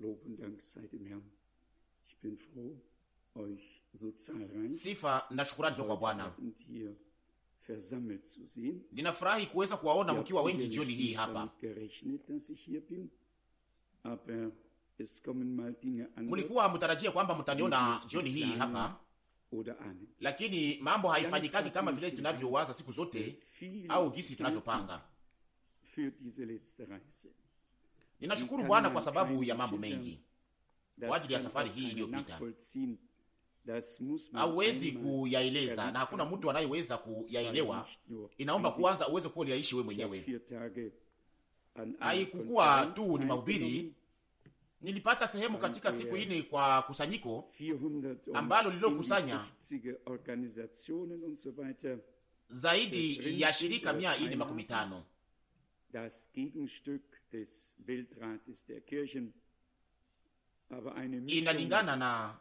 Lob und Dank sei dem Herrn. Ich bin froh, euch so zahlreich sifa na versammelt zu sehen. Bwana. Ninafurahi kuweza kuwaona mkiwa wengi jioni hii hapa. Gerechnet, dass ich hier bin, aber es kommen mal Dinge Mulikuwa mtarajia kwamba mtaniona jioni hii hapa, Oder lakini mambo haifanyikaki kama vile tunavyowaza siku zote au jinsi tunavyopanga Ninashukuru Bwana kwa sababu ya mambo mengi kwa ajili ya safari hii iliyopita, hauwezi kuyaeleza na hakuna mtu anayeweza kuyaelewa. Inaomba kuanza uweze kuwa liaishi wewe mwenyewe. Haikukuwa tu ni mahubiri, nilipata sehemu katika siku hii kwa kusanyiko ambalo lililokusanya zaidi ya shirika mia ine makumi tano des der Kirchen, aber eine inalingana na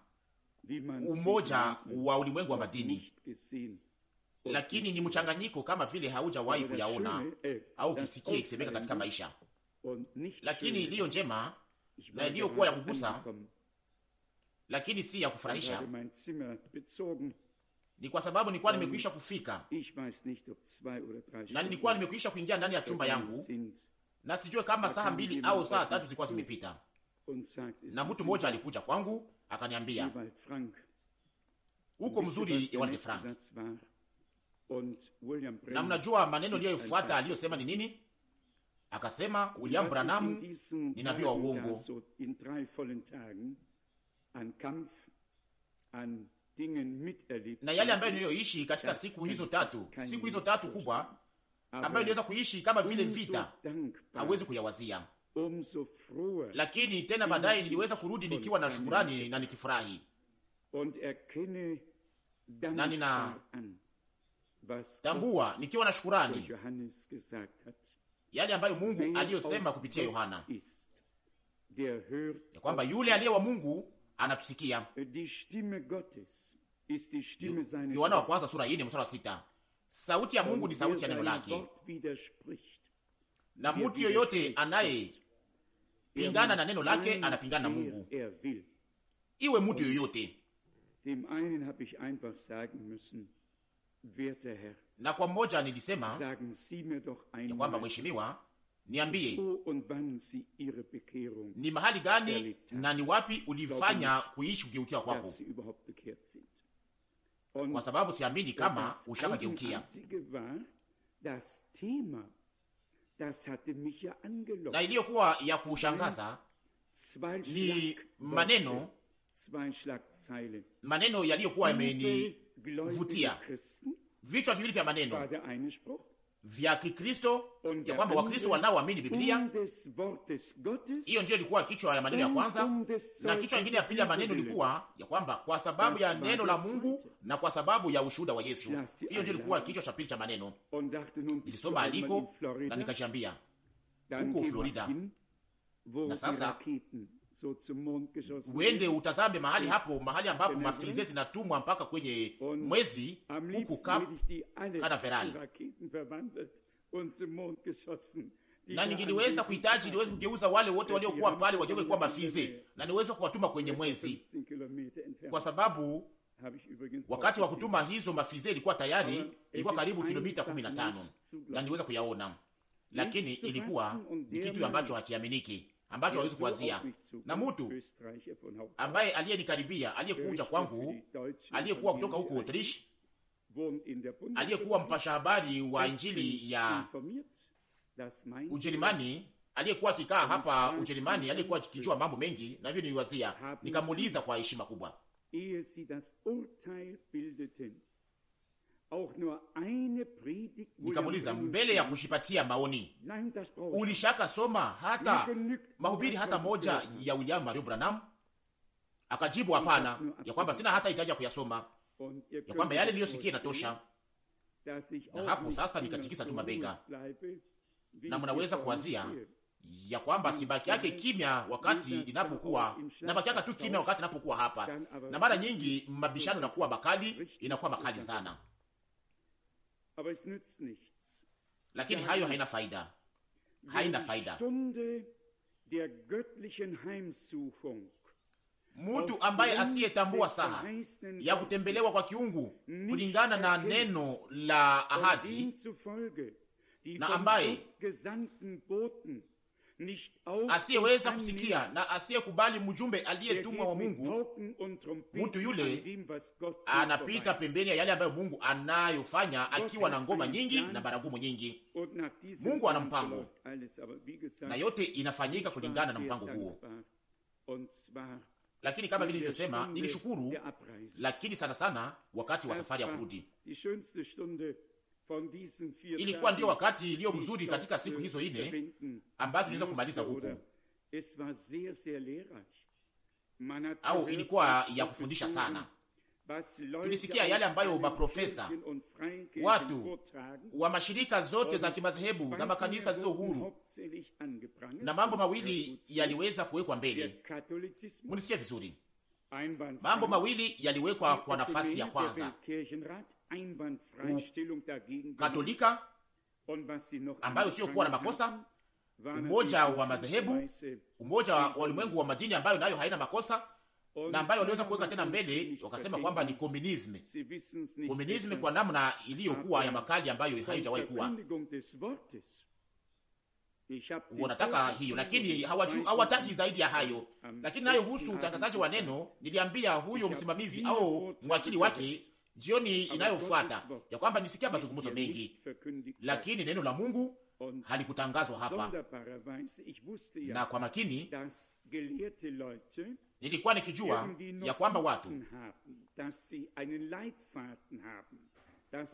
umoja wa ulimwengu wa madini, lakini ni mchanganyiko kama vile haujawahi kuyaona au kisikia ikisemeka katika maisha, lakini iliyo njema na iliyokuwa ya kugusa, lakini si ya kufurahisha. Ni kwa sababu nilikuwa nimekwisha kufika na nilikuwa nimekwisha kuingia ndani ya chumba yangu sind na sijue kama saa mbili au saa tatu zilikuwa zimepita, na mtu mmoja alikuja kwangu akaniambia, uko mzuri Ewald Frank. Na mnajua maneno aliyofuata aliyosema ni nini? Akasema, William Branham ni nabii wa uongo na yale ambayo niliyoishi katika siku hizo tatu, siku hizo tatu kubwa ambayo iliweza kuishi kama vile um vita, hawezi kuyawazia. Um Lakini tena um baadaye niliweza kurudi nikiwa na shukurani na nikifurahi, na ninatambua nikiwa na shukurani yale ambayo Mungu aliyosema kupitia Yohana ya kwamba yule aliye wa Mungu anatusikia. Yohana wa kwanza sura ine mstari wa sita. Sauti ya Mungu ni sauti ya neno lake, na mtu yoyote anayepingana er na neno lake anapingana na Mungu, er iwe mtu yoyote. Na kwa mmoja nilisema ya kwamba mheshimiwa, niambie ni mahali gani na ni wapi ulifanya kuishi kugeukiwa kwako kwa sababu siamini kama ushakageukia na iliyokuwa ya kushangaza ni maneno maneno yaliyokuwa yamenivutia, vichwa viwili vya maneno vya Kikristo ya kwamba Wakristo wanaoamini Biblia. Hiyo ndio ilikuwa kichwa ya maneno ya kwanza, na kichwa ingine ya pili ya maneno ilikuwa ya kwamba kwa sababu ya neno la Mungu na kwa sababu ya ushuhuda wa Yesu. Hiyo ndio ilikuwa kichwa cha pili cha maneno. Nilisoma aliko na nikashambia huko Florida, na sasa uende utazame mahali hapo, mahali ambapo mafilize zinatumwa mpaka kwenye mwezi huku Kap Canaveral na ningiliweza kuhitaji niweze kugeuza wale wote waliokuwa pale wageuke kuwa mafize na niweze kuwatuma kwenye mwezi, kwa sababu wakati wa kutuma hizo mafize ilikuwa tayari ilikuwa karibu kilomita 15 na niweza kuyaona, lakini ilikuwa ni kitu ambacho hakiaminiki ambacho hawezi kuwazia, na mtu ambaye aliyenikaribia, aliyekuja kwangu, aliyekuwa kutoka huko Autriche, aliyekuwa mpasha habari wa injili ya Ujerumani, aliyekuwa akikaa hapa Ujerumani, aliyekuwa akijua mambo mengi, na hivyo niliwazia, nikamuuliza kwa heshima kubwa nikamuliza mbele ya kushipatia maoni, ulishaka soma hata mahubiri hata moja ya William Mario Branham? Akajibu, hapana, ya kwamba sina hata hitaji ya kuyasoma, ya kwamba yale niliyosikia inatosha. Na hapo sasa nikatikisa tu mabega, na mnaweza kuwazia ya kwamba sibaki yake kimya wakati inapokuwa na baki yake tu kimya wakati inapokuwa hapa, na mara nyingi mabishano inakuwa makali, inakuwa makali sana lakini hayo haina faida, haina faida. Mtu ambaye asiyetambua saha ya kutembelewa kwa kiungu kulingana na neno la ahadi na ambaye asiyeweza kusikia na asiyekubali mjumbe aliyetumwa wa Mungu, mtu yule anapita pembeni ya yale ambayo Mungu anayofanya akiwa na ngoma nyingi na baragumu nyingi. Mungu ana mpango na yote inafanyika kulingana na mpango huo. Lakini kama vile nilivyosema, nilishukuru, lakini sana sana wakati wa safari ya kurudi Ilikuwa ndiyo wakati iliyo mzuri katika siku hizo ine ambazo tunaweza kumaliza huku, au ilikuwa ya kufundisha sana. Tulisikia yale ambayo maprofesa, watu wa mashirika zote za kimadhehebu za makanisa zilizo huru, na mambo mawili yaliweza kuwekwa mbele. Munisikie vizuri Mambo mawili yaliwekwa kwa nafasi ya kwanza: Katolika ambayo siyokuwa na makosa, umoja wa madhehebu, umoja wa ulimwengu wa madini ambayo nayo haina makosa na ambayo waliweza kuweka tena mbele, wakasema kwamba ni komunisme. Komunisme kwa namna iliyokuwa ya makali ambayo haijawahi kuwa wanataka hiyo, lakini hawataki zaidi ya hayo. Um, lakini nayo husu utangazaji wa neno, niliambia huyo msimamizi au mwakili wake jioni inayofuata ya kwamba nisikia mazungumzo mengi, lakini neno la Mungu halikutangazwa hapa. Na kwa makini nilikuwa nikijua ya kwamba watu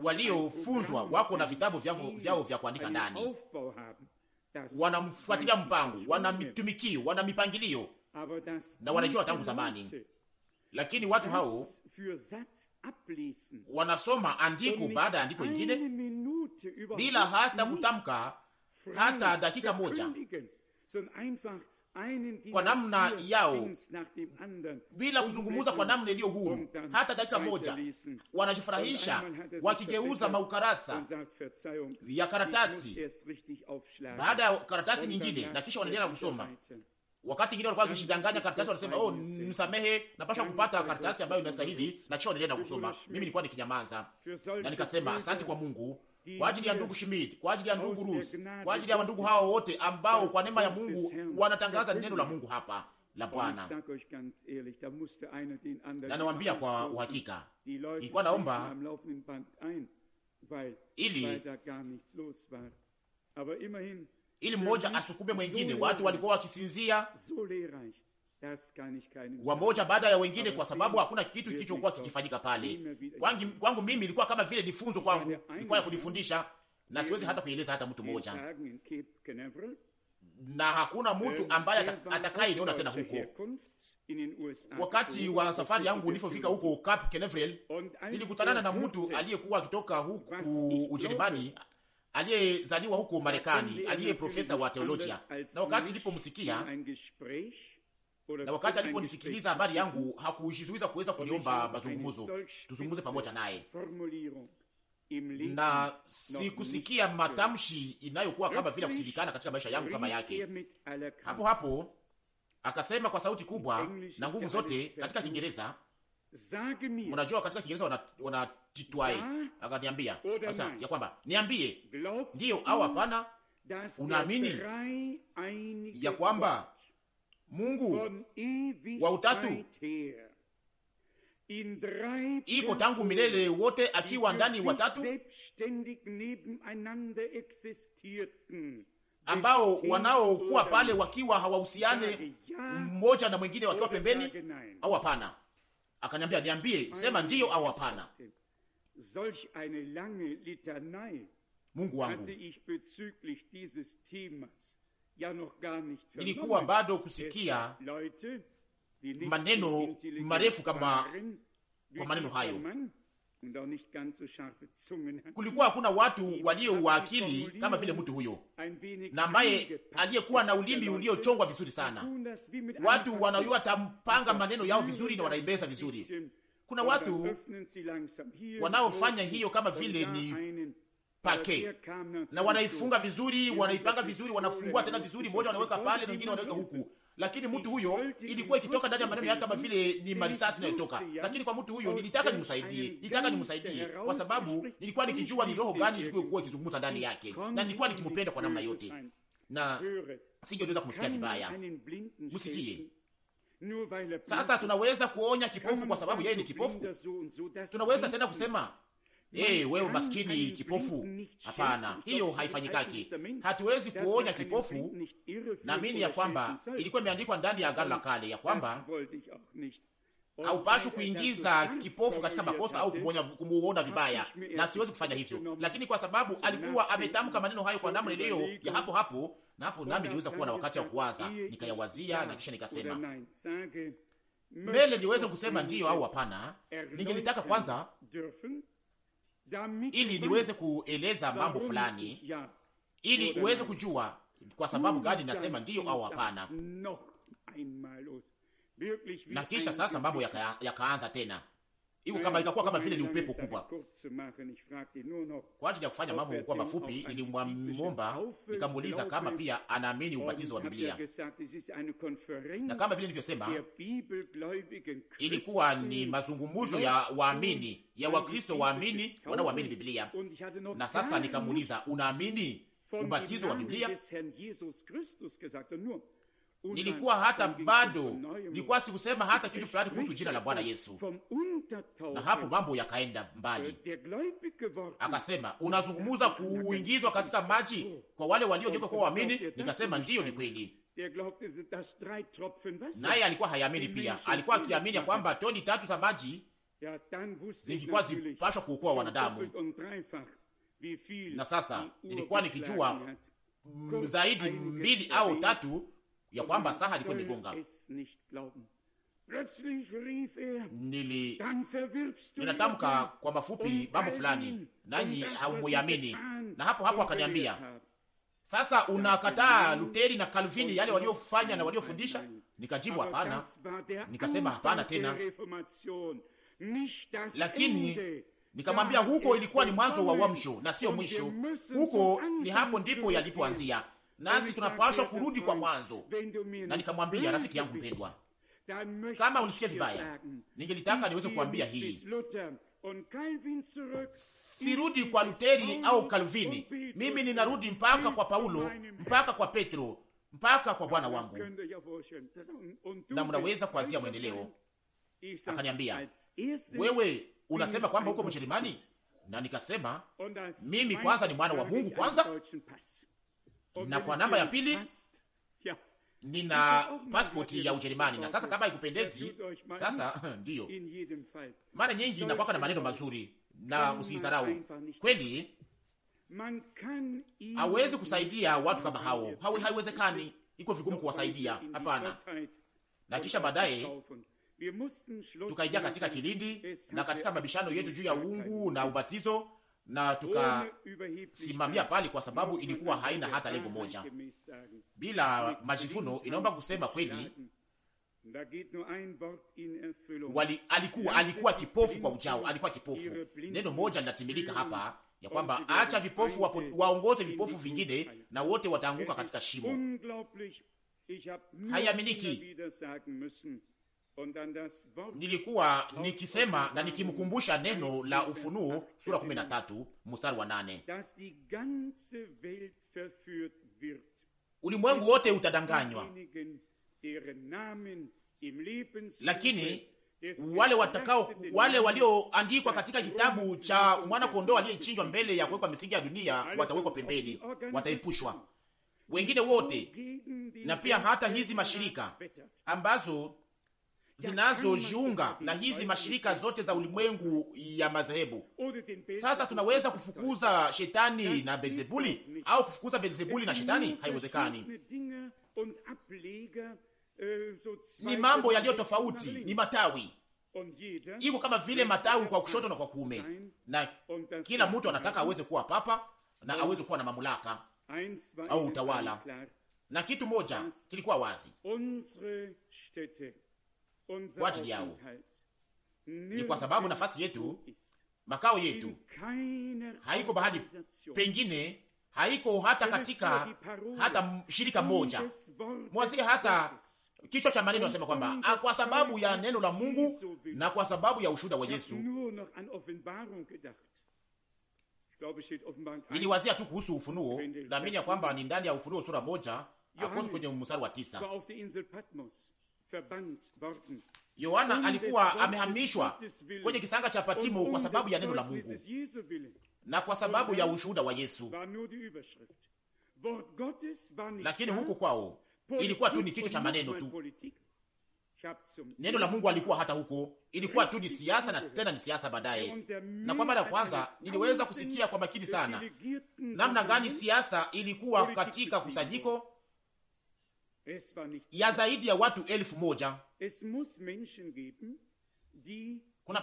waliofunzwa wako na vitabu vyao vya kuandika ndani wanamfuatilia mpango, wanamitumikio wana mipangilio na wanajua tangu zamani, lakini watu hao wanasoma andiko baada ya andiko ingine bila hata kutamka hata dakika moja kwa namna yao bila kuzungumuza kwa namna iliyo huru, hata dakika moja. Wanajifurahisha er wakigeuza maukarasa ya karatasi baada ya karatasi nyingine, er oh, na kisha wanaendelea na kusoma. Wakati ingine walikuwa wakishidanganya karatasi, wanasema oh, msamehe, napasha kupata karatasi ambayo inastahili, na kisha wanaendelea na kusoma. Mimi nilikuwa nikinyamaza na nikasema asante kwa Mungu kwa ajili ya ndugu Schmidt, kwa ajili ya ndugu Rus, kwa ajili ya wandugu hao wote ambao kwa neema ya Mungu wanatangaza neno la Mungu hapa la Bwana. Na nawaambia kwa uhakika, ilikuwa naomba ili ili mmoja asukume mwengine, watu walikuwa wakisinzia wamoja baada ya wengine, kwa sababu hakuna kitu kilichokuwa kikifanyika pale. Kwangu, kwangu mimi ilikuwa kama vile nifunzo kwangu, ilikuwa ya kunifundisha na siwezi hata kueleza hata mtu mmoja, na hakuna mtu ambaye atakaye niona tena huko. Wakati wa safari yangu nilipofika huko Cape Canaveral, nilikutanana na mtu aliyekuwa akitoka huku Ujerumani aliyezaliwa huko Marekani, aliye profesa wa teolojia, na wakati nilipomsikia na wakati aliponisikiliza habari yangu hakujizuiza kuweza kuniomba mazungumzo tuzungumze pamoja naye, na sikusikia matamshi inayokuwa kama vile kusindikana katika maisha yangu kama yake. Hapo hapo akasema kwa sauti kubwa na nguvu zote katika Kiingereza. Unajua, katika Kiingereza wanatitwae. Akaniambia sasa ya kwamba niambie, ndiyo au hapana, unaamini ya kwamba Mungu wa utatu iko tangu milele wote, akiwa ndani watatu ambao wanaokuwa pale wakiwa hawahusiane mmoja na mwingine, wakiwa pembeni au hapana? Akaniambia, niambie, sema ndiyo au hapana. Mungu wangu ilikuwa bado kusikia maneno marefu kama kwa maneno hayo. Kulikuwa hakuna watu walio waakili kama vile mtu huyo na ambaye aliyekuwa na ulimi uliochongwa vizuri sana. Watu wanayua tampanga maneno yao vizuri na wanaimbeza vizuri. Kuna watu wanaofanya hiyo kama vile ni pake na wanaifunga vizuri, wanaipanga vizuri, wanafungua tena vizuri, moja wanaweka pale, wengine wanaweka huku. Lakini mtu huyo ilikuwa ikitoka ndani ya maneno yake kama vile ni marisasi inayotoka. Lakini kwa mtu huyo nilitaka nimsaidie, nilitaka nimsaidie kwa sababu nilikuwa nikijua ni roho gani ilikuwa ikizungumza ndani yake, na nilikuwa nikimpenda kwa namna yote, na singeweza kumsikia vibaya. Msikie. Sasa tunaweza kuonya kipofu kwa sababu yeye ni kipofu. Tunaweza tena kusema hey, eh, wewe maskini kipofu. Hapana, hiyo haifanyikaki. Hatuwezi kuonya kipofu. Naamini ya kwamba ilikuwa imeandikwa ndani ya Agano la Kale ya kwamba oh, haupashwi kuingiza kipofu katika makosa au kumuona kumuona vibaya, na siwezi kufanya hivyo, lakini kwa sababu alikuwa ametamka maneno hayo kwa namna iliyo ya hapo hapo, na hapo nami niweza kuwa na wakati wa kuwaza, nikayawazia na kisha nikasema mbele niweze kusema ndiyo au hapana. Ningelitaka kwanza ili niweze kueleza mambo fulani, ili uweze kujua kwa sababu gani nasema ndiyo au hapana. Na kisha sasa mambo yakaanza ya tena hiyo kama ikakuwa kama vile ni upepo kubwa. Kwa ajili ya kufanya mambo kwa mafupi, nilimwomba nikamuuliza kama pia anaamini ubatizo wa Biblia, na kama vile nilivyosema, ilikuwa ni mazungumzo ya waamini ya Wakristo waamini wanaoamini Biblia. Na sasa nikamuuliza, unaamini ubatizo wa Biblia? nilikuwa hata bado nilikuwa sikusema hata kitu fulani kuhusu jina la Bwana Yesu, na hapo mambo yakaenda mbali. Äh, Akasema, unazungumuza kuingizwa katika maji kwa wale waliogeuka kuwa waamini. Nikasema ndiyo, ni kweli. Naye alikuwa hayaamini pia, alikuwa akiamini ya kwamba toni tatu za maji zingikuwa zipashwa kuokoa wanadamu. Na sasa nilikuwa nikijua zaidi mbili au tatu ya kwamba saha alikuwa imegonga. Er, Nili ninatamka kwa mafupi mambo fulani, nanyi hamuyamini. Na hapo hapo akaniambia, sasa unakataa Luteri na Kalvini, yale waliofanya na waliofundisha? Nikajibu hapana, nikasema hapana tena, lakini nikamwambia huko ilikuwa ni mwanzo wa uamsho na sio mwisho. Huko ni hapo ndipo yalipoanzia nasi tunapashwa kurudi kwa mwanzo. Na nikamwambia rafiki yangu mpendwa, kama unisikia vibaya, ningelitaka niweze kuambia hii Sirudi kwa Luteri au Kalvini, mimi ninarudi mpaka kwa Paulo, mpaka kwa Petro, mpaka kwa Bwana wangu, na mnaweza kuanzia mwendeleo. Akaniambia, wewe unasema kwamba huko Mjerumani? Na nikasema mimi kwanza ni mwana wa Mungu kwanza, na kwa namba ya pili nina pasipoti ya Ujerumani. Na sasa kama ikupendezi, sasa ndiyo mara nyingi inakwaka na maneno mazuri na usizarau kweli. Hawezi kusaidia watu kama hao, haiwezekani, iko vigumu kuwasaidia, hapana. Na kisha baadaye tukaingia katika kilindi na katika mabishano yetu juu ya uungu na ubatizo na tukasimamia pale, kwa sababu ilikuwa haina hata lengo moja. Bila majivuno, inaomba kusema kweli, wali alikuwa alikuwa kipofu kwa ujao, alikuwa kipofu. Neno moja linatimilika hapa ya kwamba acha vipofu waongoze vipofu vingine, na wote wataanguka katika shimo. Haiaminiki nilikuwa nikisema na nikimkumbusha neno la Ufunuo sura 13 mstari wa 8, ulimwengu wote utadanganywa, lakini wale watakao wale walioandikwa katika kitabu cha mwana kondoo aliyechinjwa mbele ya kuwekwa misingi ya dunia watawekwa pembeni, wataepushwa wengine wote, na pia hata hizi mashirika ambazo zinazojiunga na hizi mashirika zote za ulimwengu ya madhehebu. Sasa tunaweza kufukuza shetani na Beelzebuli au kufukuza Beelzebuli na shetani? Haiwezekani. Ni mambo yaliyo tofauti, ni matawi iko kama vile matawi kwa kushoto na kwa kuume, na kila mtu anataka aweze kuwa papa na aweze kuwa na mamlaka au utawala. Na kitu moja kilikuwa wazi, kwa ajili yao. Ni kwa sababu nafasi yetu, makao yetu haiko bahali pengine, haiko hata katika hata shirika moja mwazie hata kichwa cha maneno anasema kwamba kwa sababu ya neno la Mungu na kwa sababu ya ushuhuda wa Yesu. Niliwazia tu kuhusu Ufunuo, naamini ya kwamba ni ndani ya Ufunuo sura moja akozi kwenye msari wa tisa Yohana um alikuwa amehamishwa kwenye kisanga cha Patimo um kwa sababu ya neno la Mungu na kwa sababu ya ushuhuda wa Yesu, lakini huko kwao ilikuwa tu ni kichwa cha maneno tu. Neno la Mungu alikuwa hata huko, ilikuwa tu ni siasa na tena ni siasa baadaye. Na kwa mara ya kwanza niliweza kusikia kwa makini sana namna gani siasa ilikuwa katika kusanyiko ya zaidi ya watu elfu moja.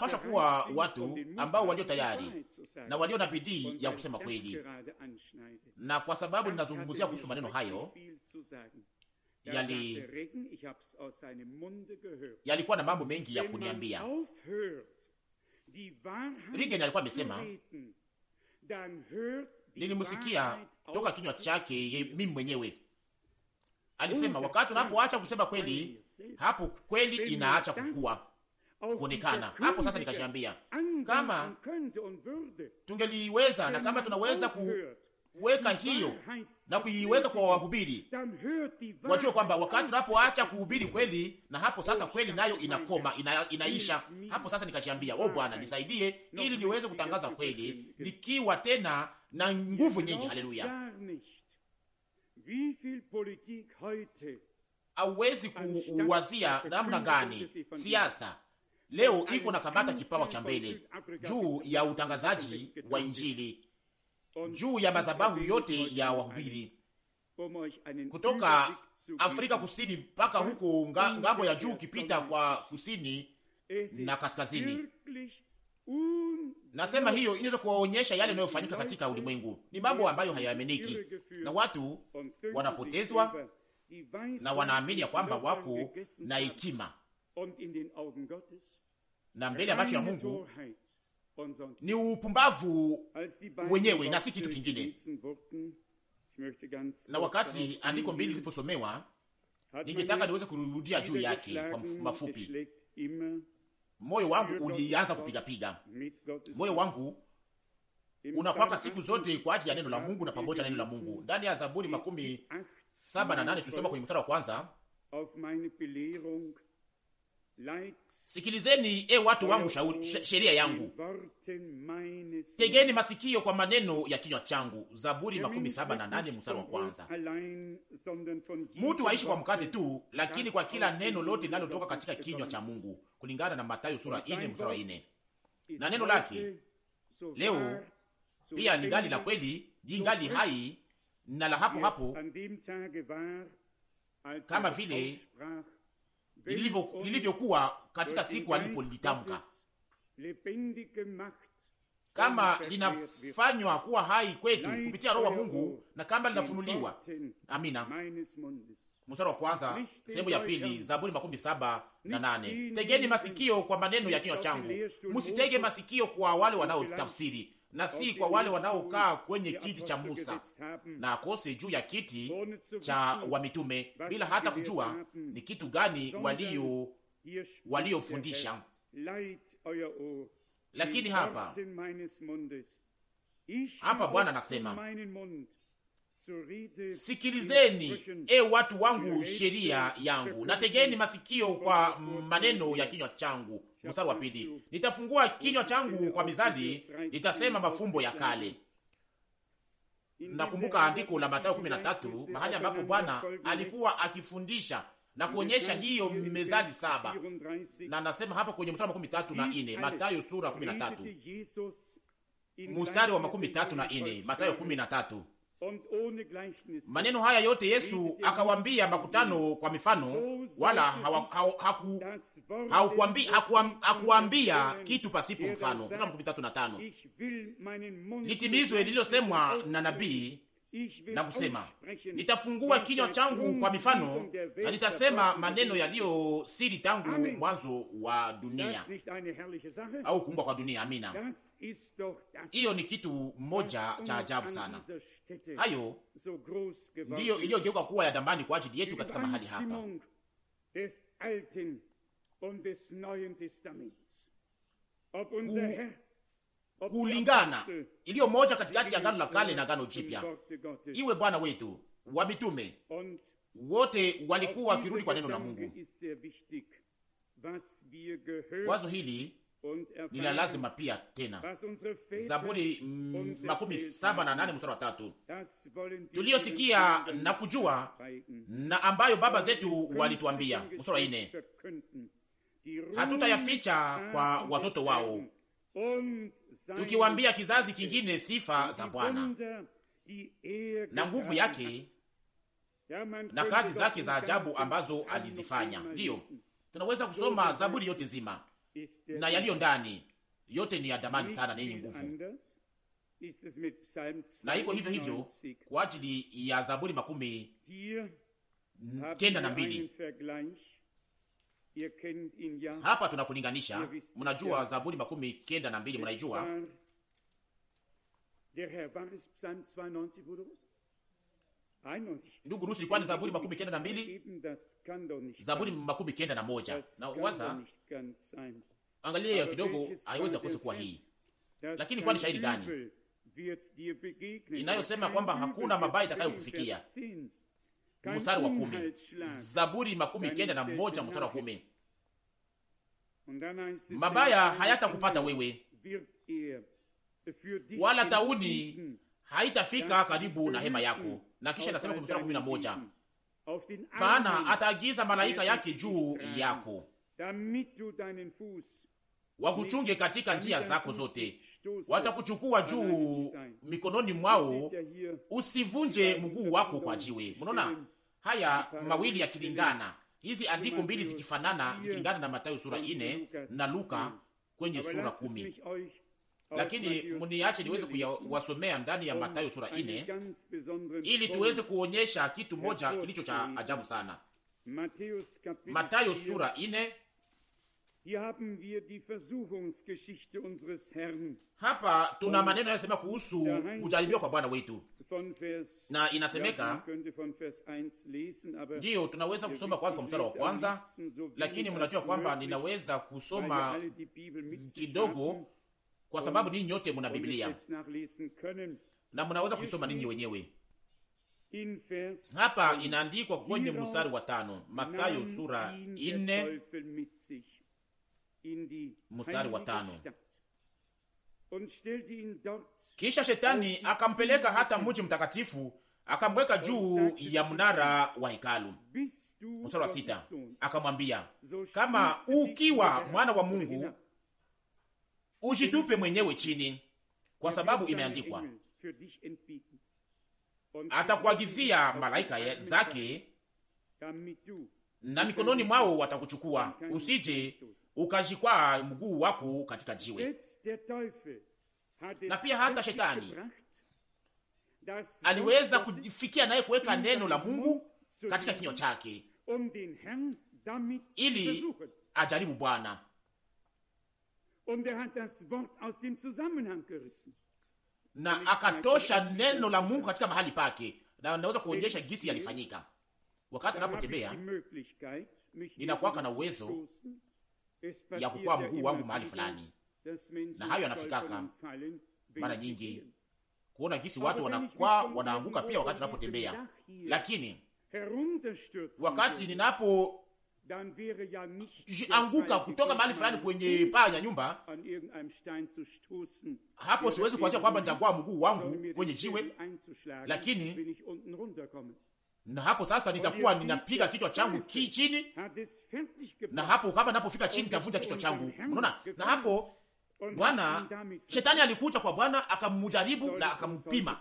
pasha kuwa watu um ambao walio tayari na walio na bidii ya kusema kweli, na kwa sababu ninazungumzia kuhusu er maneno hayo yali yalikuwa na mambo mengi ya kuniambia. Rigen alikuwa amesema, nilimsikia toka kinywa chake mimi mwenyewe Alisema wakati unapoacha kusema kweli, hapo kweli inaacha kukua kuonekana. Hapo sasa nikashambia, kama tungeliweza na kama tunaweza kuweka hiyo na kuiweka kwa wahubiri, wajue kwamba wakati unapoacha kuhubiri kweli, na hapo sasa oh, kweli nayo inakoma ina, inaisha. Hapo sasa nikashambia, o oh, Bwana nisaidie, ili niweze kutangaza kweli nikiwa tena na nguvu nyingi. Haleluya! auwezi kuwazia namna gani siasa leo iko na kamata kipawa cha mbele juu ya utangazaji wa Injili, juu ya madhabahu yote ya wahubiri kutoka Afrika Kusini mpaka huko ngambo ya juu, ukipita kwa kusini na kaskazini Nasema hiyo inaweza kuwaonyesha yale yanayofanyika katika ulimwengu. Ni mambo ambayo hayaaminiki, na watu wanapotezwa na wanaamini ya kwamba wako na hekima, na mbele ya macho ya Mungu ni upumbavu wenyewe na si kitu kingine. Na wakati andiko mbili ziliposomewa, ningetaka niweze kurudia juu yake kwa mafupi moyo wangu ulianza kupigapiga, moyo wangu unakwaka siku zote kwa ajili ya neno la Mungu na pamoja na neno la Mungu. Ndani ya Zaburi makumi saba na nane tusoma kwenye mstari wa kwanza Sikilizeni e watu wangu sheria yangu, tegeni masikio kwa maneno ya kinywa changu. Zaburi makumi saba na nane mstari wa kwanza. Mutu aishi kwa mkate tu, lakini kwa kila neno lote linalotoka katika kinywa cha Mungu, kulingana na Mathayo sura ine mstari wa ine. Na neno lake leo pia ni ngali la kweli, jingali hai na la hapo hapo, kama vile lilivyokuwa katika siku alipolitamka, kama linafanywa kuwa hai kwetu kupitia Roho wa Mungu na kama linafunuliwa. Amina. Mstari wa kwanza sehemu ya pili, Zaburi makumi saba na nane. Tegeni masikio kwa maneno ya kinywa changu, msitege masikio kwa wale wanaotafsiri na si kwa wale wanaokaa kwenye kiti cha Musa na akose juu ya kiti cha wamitume, bila hata kujua ni kitu gani walio waliofundisha. Lakini hapa hapa Bwana anasema Sikilizeni e watu wangu sheria yangu, na tegeni masikio kwa maneno ya kinywa changu. Mstari wa pili, nitafungua kinywa changu kwa mizadi, nitasema mafumbo ya kale. Nakumbuka andiko la Mathayo 13 mahali ambapo Bwana alikuwa akifundisha na kuonyesha hiyo mezadi saba, na nasema hapa kwenye mstari wa makumi tatu na ine Mathayo sura kumi na tatu mstari wa makumi tatu na ine Mathayo kumi na tatu Maneno haya yote Yesu akawambia makutano kwa mifano, wala hakuambia kitu pasipo mfano. Litimizwe lililosemwa na nabii na kusema, nitafungua kinywa changu kwa mifano na nitasema maneno yaliyo siri tangu mwanzo wa dunia au kuumbwa kwa dunia. Amina. Hiyo ni kitu moja cha ajabu sana. Hayo ndiyo iliyogeuka kuwa ya dambani kwa ajili yetu katika mahali hapa, kulingana iliyo moja katikati ya Agano la Kale na gano Jipya. Iwe Bwana wetu wa mitume wote walikuwa wakirudi kwa neno la Mungu. Wazo hili la lazima pia tena. Zaburi mm, makumi saba na nane mstari wa tatu tuliyosikia na kujua na ambayo baba zetu walituambia. Mstari wa ine hatutayaficha kwa watoto wao, tukiwambia kizazi kingine sifa za Bwana na nguvu yake na kazi zake za ajabu ambazo alizifanya. Ndiyo tunaweza kusoma Zaburi yote nzima na yaliyo ndani, yote ni ya damani sana na yenye nguvu. Na iko hivyo hivyo kwa ajili ya Zaburi makumi kenda na mbili. Hapa tunakulinganisha, mnajua Zaburi makumi kenda na mbili, mnaijua ndugu Rusi, ilikuwa ni Zaburi makumi kenda na mbili, Zaburi makumi kenda na moja na waza Angalia hiyo kidogo, haiwezi kuhusu kuwa hii, lakini kwani shahidi gani inayosema kwamba hakuna mabaya itakayokufikia? Mstari wa kumi, Zaburi makumi kenda na moja mstari wa kumi. Mabaya hayatakupata wewe, er wala tauni haitafika karibu na hema yako. Na kisha nasema kwa mstari wa kumi na moja, maana ataagiza malaika yake juu yako wakuchunge katika njia zako zote, watakuchukua juu mikononi mwao, usivunje mguu wako kwa jiwe. Mnaona haya mawili yakilingana, hizi andiko mbili zikifanana, zikilingana na Mathayo sura ine na Luka kwenye sura kumi lakini mniache niweze kuwasomea ndani ya Mathayo sura ine ili tuweze kuonyesha kitu moja kilicho cha ajabu sana. Mathayo sura ine hapa tuna maneno yanasema kuhusu kujaribiwa kwa Bwana wetu, na inasemeka ndiyo, tunaweza kusoma kwanza kwa mstari wa kwanza, lakini mnajua kwamba ninaweza kusoma kidogo kwa sababu ninyi nyote muna Biblia na mnaweza kusoma ninyi wenyewe. Hapa inaandikwa kwenye mstari wa tano, Mathayo sura ine mstari wa tano. Kisha shetani akampeleka hata mji mtakatifu, akamweka juu ya mnara wa hekalu. Mstari wa sita, akamwambia kama ukiwa mwana wa Mungu ujitupe mwenyewe chini, kwa sababu imeandikwa, atakuagizia malaika zake na mikononi mwao watakuchukua usije ukajikwaa mguu wako katika jiwe. Na pia hata shetani aliweza kufikia naye kuweka neno la Mungu katika kinywa chake ili ajaribu Bwana na er akatosha neno la Mungu katika mahali pake, na naweza kuonyesha gisi yalifanyika wakati anapotembea. Ninakuwaka na uwezo ya kukwaa mguu wangu mahali fulani, na hayo yanafikaka mara nyingi kuona jinsi watu wanakwaa wanaanguka, pia wakati unapotembea. Lakini wakati ninapo anguka kutoka mahali fulani kwenye um, paa ya nyumba, hapo siwezi kuanzia kwamba nitakwa mguu wangu kwenye jiwe, lakini na hapo sasa nitakuwa ninapiga kichwa changu ki chini, na hapo kama napofika chini nitavunja kichwa changu. Unaona, na hapo Bwana shetani alikuja kwa Bwana akamjaribu na akampima.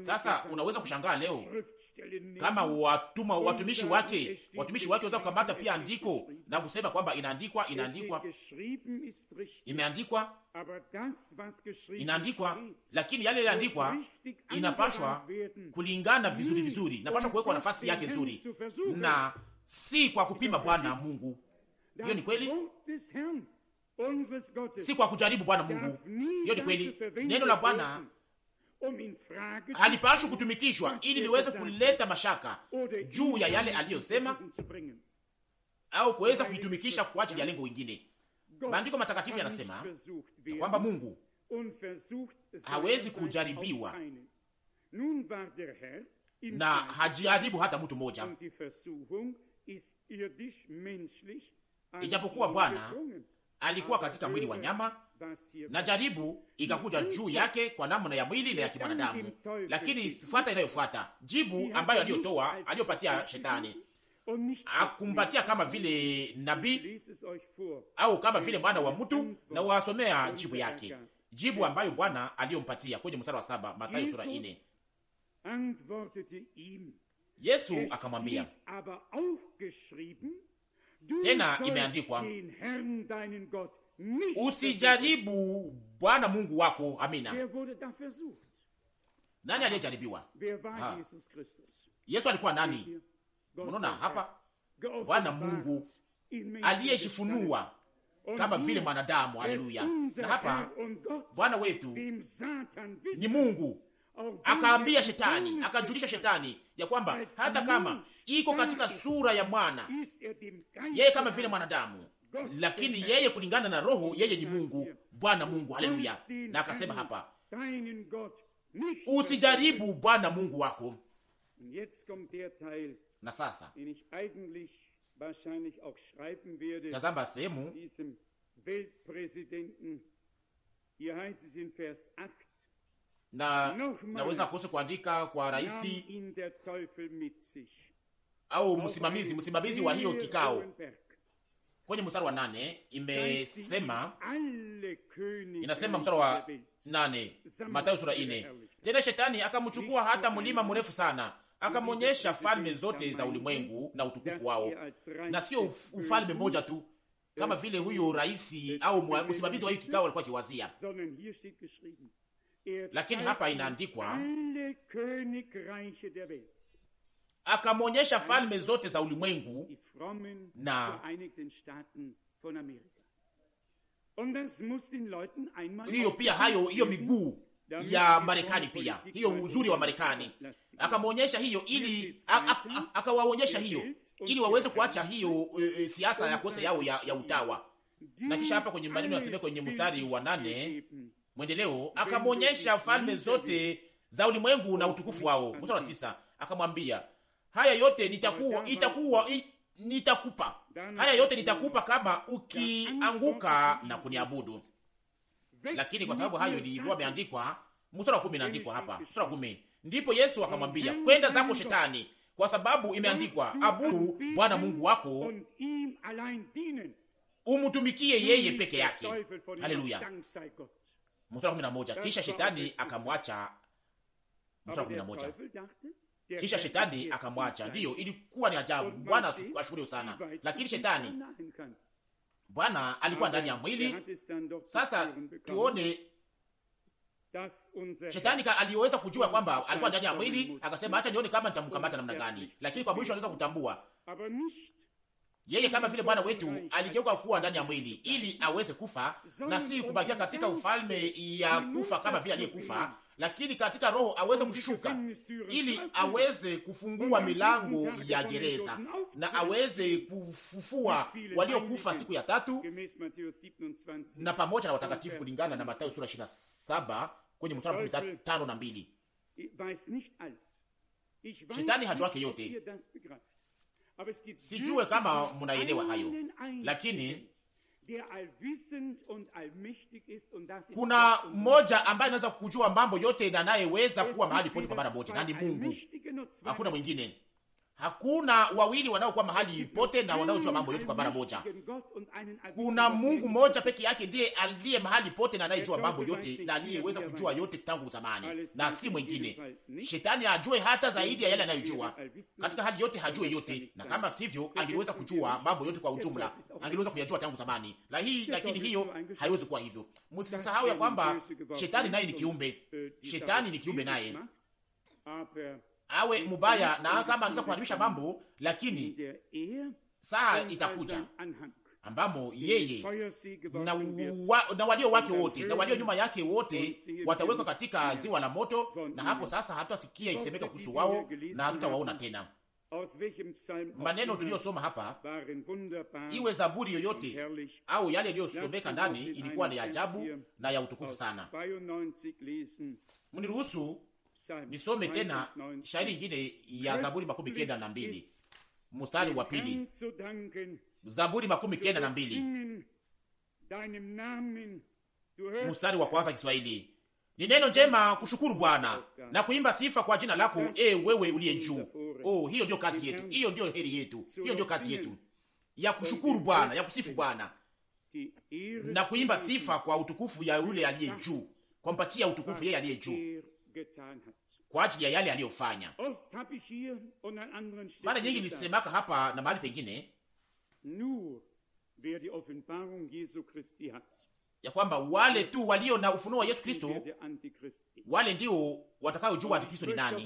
Sasa unaweza kushangaa leo kama watuma watumishi wake, watumishi wake waweza kukamata pia andiko na kusema kwamba inaandikwa, inaandikwa, imeandikwa, inaandikwa. Lakini yale yaliandikwa inapashwa kulingana vizuri vizuri, inapashwa kuwekwa nafasi yake nzuri, na si kwa kupima Bwana Mungu. Hiyo ni kweli, si kwa kujaribu Bwana Mungu. Hiyo ni kweli, neno la Bwana halipashwi kutumikishwa ili liweze kuleta mashaka juu ya yale aliyosema au kuweza kuitumikisha kwa ajili ya lengo wengine. Maandiko matakatifu yanasema kwamba Mungu hawezi kujaribiwa na hajaribu hata mtu mmoja, ijapokuwa Bwana alikuwa katika mwili wa nyama na jaribu ikakuja juu yake kwa namna ya mwili na ya kibwanadamu, lakini fuata inayofuata jibu ambayo aliyotoa aliyopatia shetani akumpatia kama vile nabii au kama vile mwana wa mtu, na wasomea jibu yake, jibu ambayo Bwana aliyompatia kwenye mstari wa saba Mathayo sura ine. Yesu akamwambia tena imeandikwa usijaribu Bwana Mungu wako. Amina. Nani aliyejaribiwa? Yesu alikuwa nani? Unaona hapa Bwana Mungu aliyejifunua kama vile mwanadamu. Haleluya! Na hapa Bwana wetu ni Mungu akaambia shetani, akajulisha shetani ya kwamba hata kama iko katika sura ya mwana, yeye kama vile mwanadamu, lakini yeye kulingana na roho, yeye ni Mungu, Bwana Mungu. Haleluya! Na akasema hapa, usijaribu Bwana Mungu wako. Na sasa tazama sehemu na naweza kuhusu kuandika kwa rais au msimamizi msimamizi wa hiyo kikao kwenye mstari wa nane imesema inasema mstari wa nane Mathayo sura ine tena shetani akamchukua hata mlima mrefu sana akamwonyesha falme zote za ulimwengu na utukufu wao, na sio ufalme moja tu kama vile huyo rais au msimamizi wa hiyo kikao alikuwa akiwazia lakini hapa inaandikwa akamwonyesha falme zote za ulimwengu na hiyo pia hayo hiyo miguu ya Marekani pia hiyo uzuri wa Marekani akamwonyesha hiyo, ili akawaonyesha hiyo ili waweze kuacha hiyo e, e, siasa ya kosa yao ya, ya utawa. Na kisha hapa kwenye maneno yaseme kwenye mstari wa nane mwendeleo, akamwonyesha falme zote za ulimwengu na utukufu wao. Mstari wa tisa, akamwambia haya yote nitakuwa itakuwa nitakupa haya yote nitakupa kama ukianguka na kuniabudu. Lakini kwa sababu hayo ilikuwa imeandikwa, mstari wa 10 inaandikwa hapa, mstari wa 10, ndipo Yesu akamwambia kwenda zako shetani, kwa sababu imeandikwa, abudu Bwana Mungu wako umtumikie yeye peke yake. Haleluya! mstari wa 11, kisha shetani akamwacha. Mstari wa 11, kisha shetani akamwacha. Ndiyo, ilikuwa ni ajabu. Bwana ashukuriwe sana, lakini shetani Bwana alikuwa ndani ya mwili. Sasa tuone shetani aliweza kujua kwamba alikuwa ndani ya mwili, akasema acha nione kama nitamkamata namna gani, lakini kwa mwisho aliweza kutambua yeye kama vile Bwana wetu aligeuka kuwa ndani ya mwili ili aweze kufa na si kubakia katika ufalme ya kufa kama vile aliyekufa, lakini katika roho aweze kushuka ili aweze kufungua milango ya gereza na aweze kufufua waliokufa siku ya tatu, na pamoja na watakatifu, kulingana na Mathayo sura 27 kwenye mstari wa 5 na mbili. Shetani hajua yote Sijue kama munaelewa hayo, lakini kuna mmoja ambaye anaweza kujua mambo yote na anayeweza kuwa mahali pote kwa mara moja, na ni Mungu, hakuna mwingine. Hakuna wawili wanaokuwa mahali pote na wanaojua mambo yote kwa mara moja. Kuna Mungu mmoja peke yake ndiye aliye mahali pote na anayejua mambo yote na aliyeweza kujua yote tangu zamani, na si mwingine. Shetani ajue hata zaidi ya yale anayojua, katika hali yote hajue yote, na kama sivyo, angeliweza kujua mambo yote kwa ujumla, angeliweza kuyajua tangu zamani. La hii, lakini hiyo haiwezi kuwa hivyo. Msisahau ya kwamba shetani naye ni kiumbe, shetani ni kiumbe naye awe mubaya na kama anaweza kuharibisha mambo, lakini saa itakuja ambamo yeye na, wa, na walio wake wote na walio nyuma yake wote watawekwa katika ziwa la moto, na hapo sasa hatutasikia ikisemeka kuhusu wao na hatutawaona tena. Maneno tuliyosoma hapa, iwe zaburi yoyote au yale yaliyosomeka ndani, ilikuwa ni ajabu na ya utukufu sana. Mniruhusu Nisome tena shairi ingine ya Zaburi makumi kenda na mbili mstari wa pili. Zaburi makumi kenda na mbili mstari wa kwanza Kiswahili. Ni neno njema kushukuru Bwana na kuimba sifa kwa jina lako, e wewe uliye juu. Oh, hiyo ndio kazi yetu, hiyo ndio heri yetu, hiyo ndio kazi yetu ya kushukuru Bwana, ya kusifu Bwana na kuimba sifa kwa utukufu ya yule aliye juu, kwa mpatia utukufu yeye aliye juu kwa ajili ya yale aliyofanya. Mara nyingi nisemaka hapa na mahali pengine ya kwamba wale tu walio na ufunuo wa Yesu Kristo, wale ndio watakayojua Antikristo ni nani.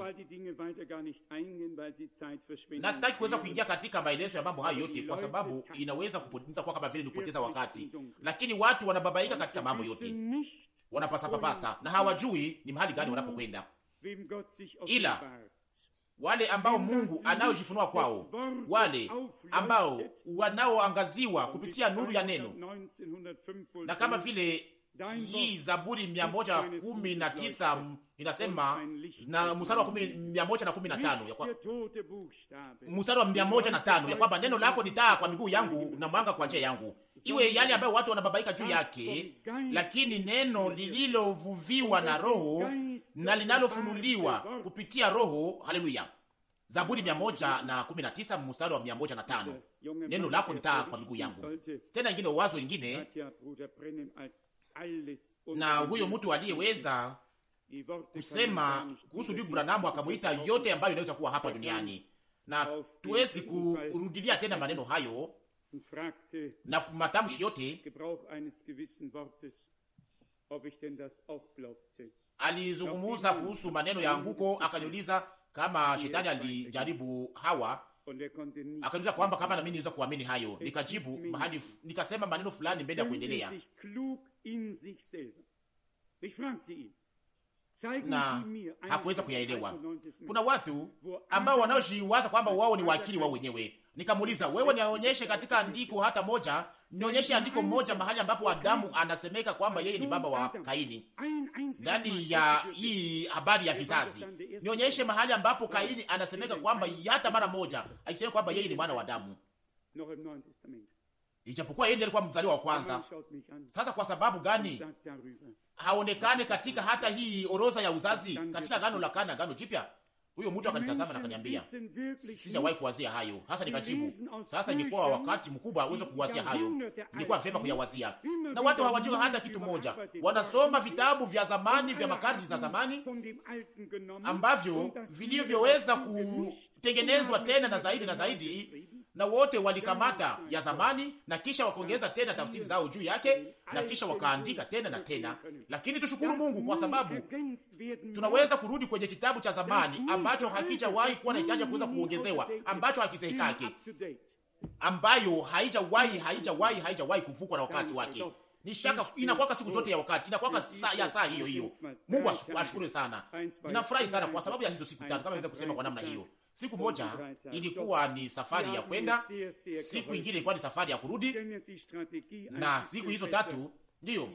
Na sitaki kuweza kuingia katika maelezo ya mambo hayo yote, kwa sababu inaweza kupoteza kwa kama vile nikupoteza wakati, lakini watu wanababaika katika mambo yote wanapasa papasa na hawajui ni mahali gani wanapokwenda, ila wale ambao Mungu anaojifunua kwao, wale ambao wanaoangaziwa kupitia nuru ya neno, na kama vile hii Zaburi mia moja kumi na tisa inasema na mstari wa mia moja na kumi na tano mstari wa mia moja na tano ya kwamba neno lako ni taa kwa miguu yangu na mwanga kwa njia yangu. Iwe yale ambayo watu wanababaika juu yake, lakini neno lililovuviwa na Roho na linalofunuliwa kupitia Roho. Haleluya! Zaburi mia moja na kumi na tisa mstari wa mia moja na tano neno lako ni taa kwa miguu yangu. Tena ingine wazo ingine na huyo mtu aliyeweza kusema kuhusu ndugu Branham akamwita yote ambayo inaweza kuwa hapa duniani, na tuwezi kurudilia tena maneno hayo na matamshi yote. Alizungumuza kuhusu maneno ya anguko, akaniuliza kama er shetani alijaribu Hawa, er akaniuliza kwamba kama nami niweza kuamini hayo. Nikajibu mahali, nikasema maneno fulani mbele ya kuendelea na hakuweza kuyaelewa. Kuna watu ambao wanaojiwaza kwamba wao ni wakili wao wenyewe. Nikamuuliza, wewe nionyeshe katika andiko hata moja, nionyeshe andiko moja mahali ambapo Adamu anasemeka kwamba yeye ni baba wa Kaini ndani ya hii habari ya vizazi. Nionyeshe mahali ambapo Kaini anasemeka kwamba hata mara moja, akisema kwamba yeye ni mwana wa Adamu ijapokuwa yeye alikuwa mzaliwa wa kwanza. Sasa kwa sababu gani haonekane katika hata hii orodha ya uzazi katika gano la Kana, gano jipya? Huyo mtu akanitazama na akaniambia, sijawahi kuwazia hayo hasa. Nikajibu, sasa ingekuwa wakati mkubwa uweze kuwazia hayo, ingekuwa vyema kuyawazia. Na watu hawajua hata kitu moja, wanasoma vitabu vya zamani vya makarni za zamani ambavyo vilivyoweza kutengenezwa tena na zaidi na zaidi na wote walikamata yaani, ya zamani na kisha wakaongeza tena tafsiri yaani, zao juu yake na kisha wakaandika tena na tena. Lakini tushukuru Mungu kwa sababu tunaweza kurudi kwenye kitabu cha zamani ambacho hakijawahi kuwa na hitaji ya kuweza kuongezewa, ambacho hakisehikake, ambayo haijawahi haijawahi haijawahi kuvukwa na wakati wake ni shaka inakwaka siku zote ya wakati inakwaka sa, ya saa hiyo hiyo. Mungu ashukuriwe sana. Ninafurahi sana kwa sababu ya hizo siku tatu, kama naweza kusema kwa namna hiyo, Siku moja ilikuwa ni safari ya kwenda, siku ingine ilikuwa ni safari ya kurudi, na siku hizo tatu Ndiyo,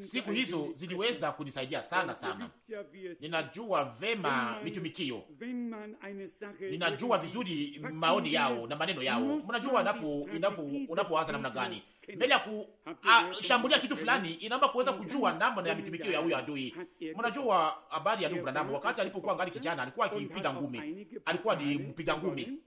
siku hizo ziliweza kunisaidia sana sana. Ninajua vema mitumikio, ninajua vizuri maoni yao na maneno yao. Mnajua napo unapoanza namna gani mbele ya kushambulia kitu fulani, inaomba kuweza kujua namna ya mitumikio ya huyo adui. Mnajua habari ya ndugu Branham, wakati alipokuwa ngali kijana, alikuwa akipiga ngumi, alikuwa ni mpiga ngumi,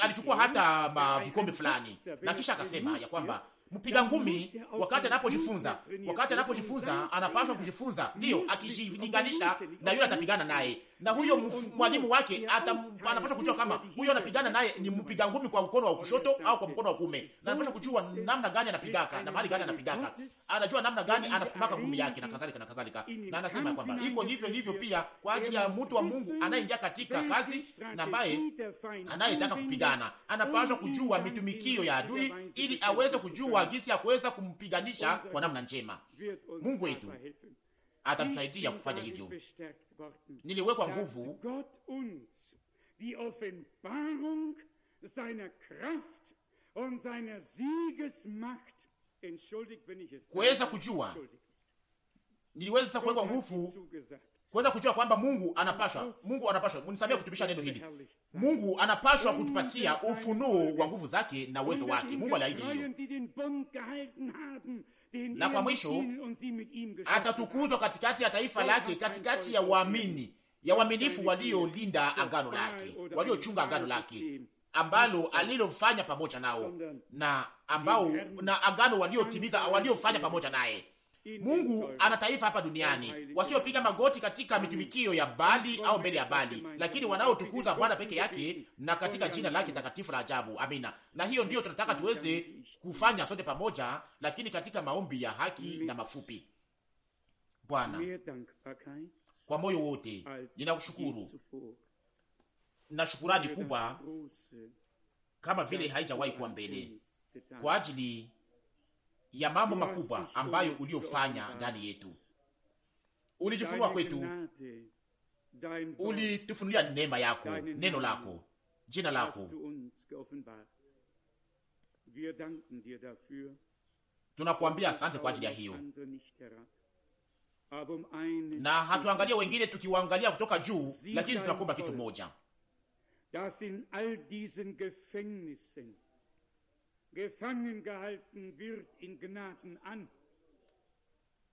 alichukua hata mavikombe fulani, na kisha akasema ya kwamba mpiga ngumi, wakati anapojifunza, wakati anapojifunza, anapaswa kujifunza, ndiyo, akijilinganisha na yule atapigana naye na huyo mwalimu wake anapaswa kujua kama huyo anapigana naye ni mpiga ngumi kwa mkono wa kushoto au kwa mkono wa kuume, na anapaswa kujua namna gani anapigaka na mahali gani anapigaka, anajua namna gani anasimaka ngumi yake na kadhalika na kadhalika. Na anasema kwamba iko hivyo hivyo pia kwa ajili ya mtu wa Mungu anayeingia katika kazi na ambaye anayetaka kupigana, anapaswa kujua mitumikio ya adui ili aweze kujua jinsi ya kuweza kumpiganisha kwa namna njema. Mungu wetu atatusaidia kufanya hivyo niliwekwa nguvu kuweza kujua, niliweza sasa kuwekwa nguvu kuweza kujua kwamba Mungu anapashwa, Mungu anapashwa, mnisamia kutupisha neno hili. Mungu anapashwa kutupatia ufunuo wa nguvu zake na uwezo wake. Mungu aliahidi hilo na kwa mwisho atatukuzwa katikati ya taifa lake, katikati ya waamini ya waaminifu waliolinda agano lake, waliochunga agano lake ambalo alilofanya pamoja nao na ambao na agano waliotimiza waliofanya pamoja naye. Mungu ana taifa hapa duniani wasiopiga magoti katika mitumikio ya Bali au mbele ya Bali, lakini wanaotukuza Bwana peke yake na katika jina lake takatifu la ajabu. Amina. Na hiyo ndiyo tunataka tuweze kufanya sote pamoja, lakini katika maombi ya haki na mafupi. Bwana, kwa moyo wote ninakushukuru na shukurani kubwa kama vile haijawahi kuwa mbele kwa ajili ya mambo makubwa ambayo uliofanya ndani yetu. Ulijifunua kwetu, ulitufunulia neema yako, neno lako, jina lako Tunakuambia asante kwa ajili ya hiyo, um na hatuangalia wengine tukiwaangalia kutoka juu, lakini tunakumba kitu moja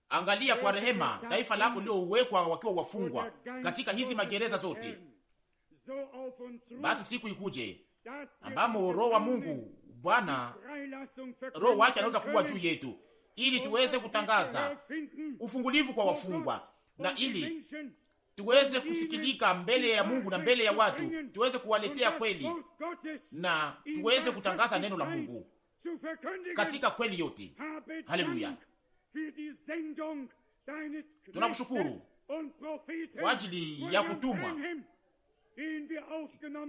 Angalia kwa rehema taifa lako liowekwa wakiwa wafungwa katika hizi magereza zote. Basi siku ikuje er ambamo Roho wa Mungu Bwana Roho wake anaweza kuwa juu yetu, ili tuweze kutangaza ufungulivu kwa wafungwa na ili tuweze kusikilika mbele ya Mungu na mbele ya watu, tuweze kuwaletea kweli na tuweze kutangaza neno la Mungu katika kweli yote. Haleluya! Tunakushukuru kwa ajili ya kutumwa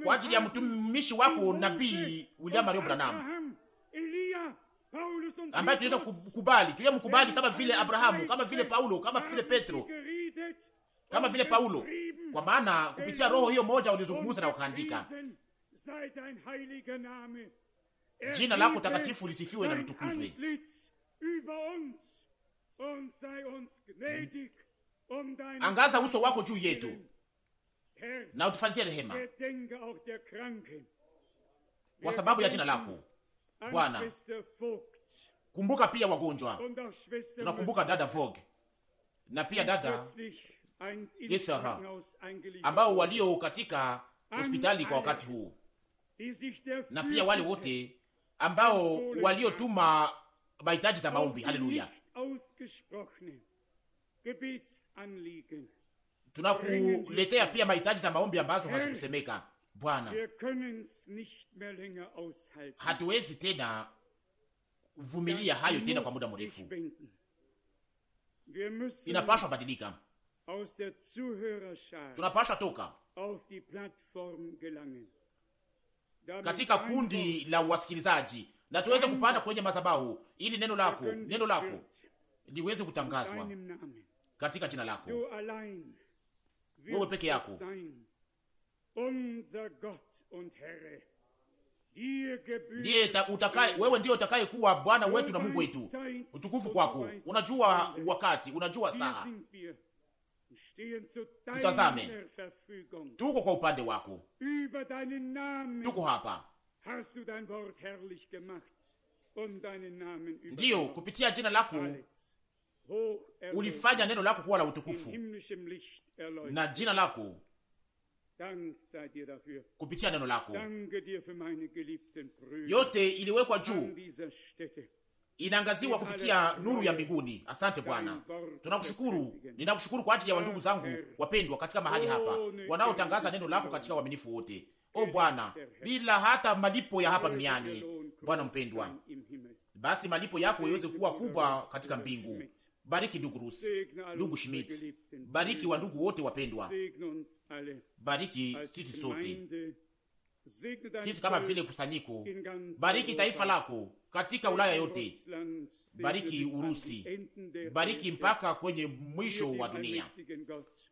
kwa ajili ya mtumishi wako nabii William Mario Branham ambaye tuliweza kukubali, tuliweza mkubali kama vile Abrahamu, kama vile Paulo, kama vile Petro, kama vile Paulo, kwa maana kupitia roho hiyo moja ulizungumza na ukaandika, er jina lako takatifu lisifiwe na litukuzwe. Um Angaza uso wako juu yetu na utufanyie rehema kwa sababu ya jina lako Bwana. Kumbuka pia wagonjwa, tunakumbuka dada Vogue na pia dada Isaha ambao walio katika hospitali kwa wakati huu, na pia wale wote ambao waliotuma mahitaji za maombi. Haleluya! tunakuletea pia mahitaji za maombi ambazo hazikusemeka. Bwana, hatuwezi tena vumilia hayo tena kwa muda mrefu, inapashwa badilika, tunapashwa toka katika kundi la wasikilizaji na tuweze kupanda kwenye madhabahu ili neno lako neno lako liweze kutangazwa katika jina lako wewe peke yako. Ndiye utakaye wewe, ndiyo utakaye kuwa Bwana wetu na Mungu wetu. Utukufu kwako. Unajua wakati, unajua saa. Tutazame, tuko kwa upande wako, tuko hapa ndiyo kupitia jina lako ulifanya neno lako kuwa la utukufu na jina lako kupitia neno lako yote iliwekwa juu, inaangaziwa kupitia nuru ya mbinguni. Asante Bwana, tunakushukuru. Ninakushukuru kwa ajili ya wandugu zangu wapendwa katika mahali hapa, wanaotangaza neno lako katika uaminifu wote. O Bwana, bila hata malipo ya hapa duniani, Bwana mpendwa, basi malipo yako iweze kuwa kubwa katika mbingu Bariki ndugu Rus, ndugu Schmidt, bariki wa ndugu wote wapendwa, bariki sisi sote sisi kama vile kusanyiko, bariki taifa lako katika Ulaya yote, bariki Urusi, bariki mpaka kwenye mwisho wa dunia.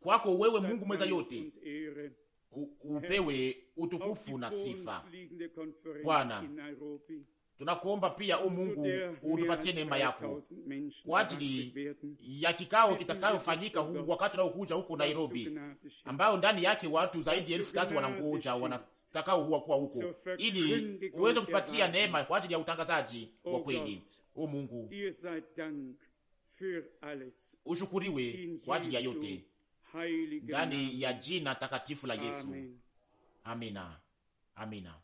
Kwako wewe Mungu mweza yote upewe utukufu na sifa Bwana. Tunakuomba pia o Mungu utupatie neema yako kwa ajili ya kikao kitakayofanyika wakati unaokuja huko Nairobi, ambayo ndani yake watu zaidi ya elfu tatu wanangoja wanatakao huwa kuwa huko, ili uweze kutupatia neema kwa ajili ya utangazaji wa kweli. O Mungu ushukuriwe kwa ajili ya yote ndani ya jina takatifu la Yesu. Amina, amina.